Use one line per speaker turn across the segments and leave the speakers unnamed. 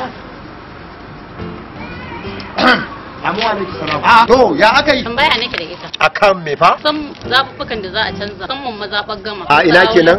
Gracias. Amuwa ne ki sana'a. To ya aka yi? Tambaya nake da ita. Akan me fa? San zafukan da za a canza. San mun mazaɓar gama. A ina kenan?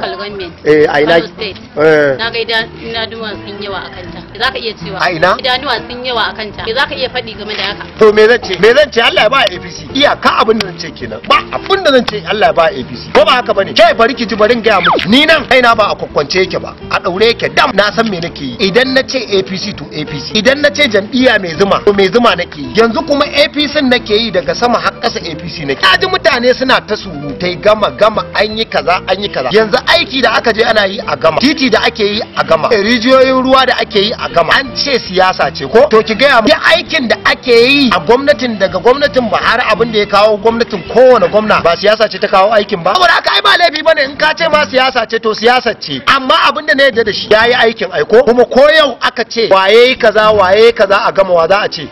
Eh a ina. Eh. Na ga idanuwa sun yawa a kanta. za ka iya cewa? A ina? Idanuwa sun yawa a kanta. za ka iya faɗi game da haka? To me zan ce? Me zan ce Allah ya ba APC. Iyaka abin da zan ce kenan. Ba abin da zan ce Allah ya ba APC. Ko ba haka bane? Kai bari ki ji bari gaya muku. Ni nan kaina ba a kwakwance yake ba. A ɗaure yake dam. Na san me nake yi. Idan na ce APC to APC. Idan na ce jam'iyya mai zuma to mai zuma nake yi. Yanzu yanzu kuma apc nake yi daga sama har ƙasa apc nake kaji mutane suna ta surutai gama gama an yi kaza an yi kaza yanzu aiki da aka je ana yi a gama titi da ake yi a gama rijiyoyin ruwa da ake yi a gama an ce siyasa ce ko to ki gaya ya aikin da ake yi a gwamnatin daga gwamnatin Buhari abin da ya kawo gwamnatin kowane gwamna ba siyasa ce ta kawo aikin ba saboda haka ba laifi bane in ka ce ma siyasa ce to siyasa ce amma abin da na yarda da shi ya yi aikin aiko kuma ko yau aka ce waye kaza waye kaza a gama wa za a ce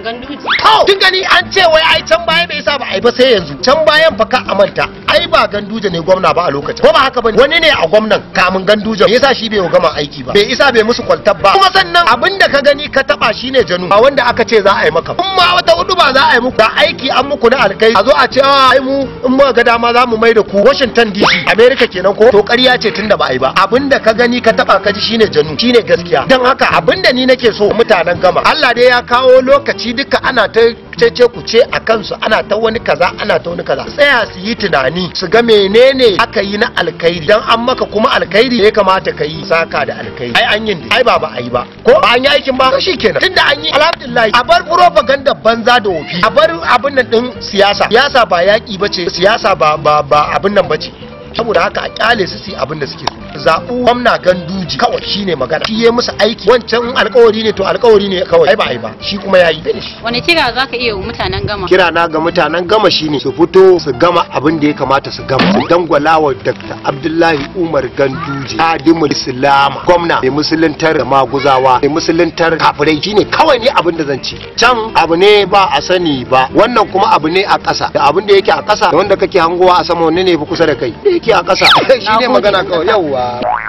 kin gani an ce wai ai can baya bai sa ba ai ba sai yanzu can bayan fa ka amanta ba ganduje ne gwamna ba a lokacin ko ba haka bane wani ne a gwamnan kamun ganduje me yasa shi bai gama aiki ba bai isa bai musu kwaltar ba kuma sannan abinda ka gani ka taba shine janu ba wanda aka ce za a yi maka kuma wata hudu ba za a yi muku da aiki an muku na alkai a zo a ce a ah, mu in muka ga dama za mu mai da ku Washington DC America kenan ko to ƙarya ce tunda ba a yi ba abinda ka gani ka taba ka ji shine janu shine gaskiya dan haka abinda ni nake so mutanen gama Allah dai ya kawo lokaci duka ana ta ce ku ce a kansu ana ta wani kaza ana ta wani kaza tsaya su yi tunani su ga menene aka yi na alkhairi dan an maka kuma alkhairi ne kamata ka yi saka da alkhairi ai an ne ai ba ba ai ba ko an yi aikin ba shi kenan tunda an yi alhamdulillah a bar propaganda banza da wofi a bar abin nan din siyasa siyasa ba yaki bace siyasa ba ba abin nan bace saboda haka a kyale su su abin da suke so zaɓu gwamna ganduji kawai shine magana shi ya musu aiki wancan alkawari ne to alkawari ne kawai ai ba ai ba shi kuma ya yi finish wani kira za ka iya mutanen gama kira na ga mutanen gama shine su fito su gama abin da ya kamata su gama su dangwala wa dr abdullahi umar ganduji adimu islama gwamna mai musuluntar da maguzawa mai musuluntar kafirai shine kawai ne abin da zan ci can abu ne ba a sani ba wannan kuma abu ne a ƙasa da abin da yake a ƙasa da wanda kake hangowa a sama wanne ne fi kusa da kai da yake a ƙasa ne magana kawai yawwa Bye. Uh,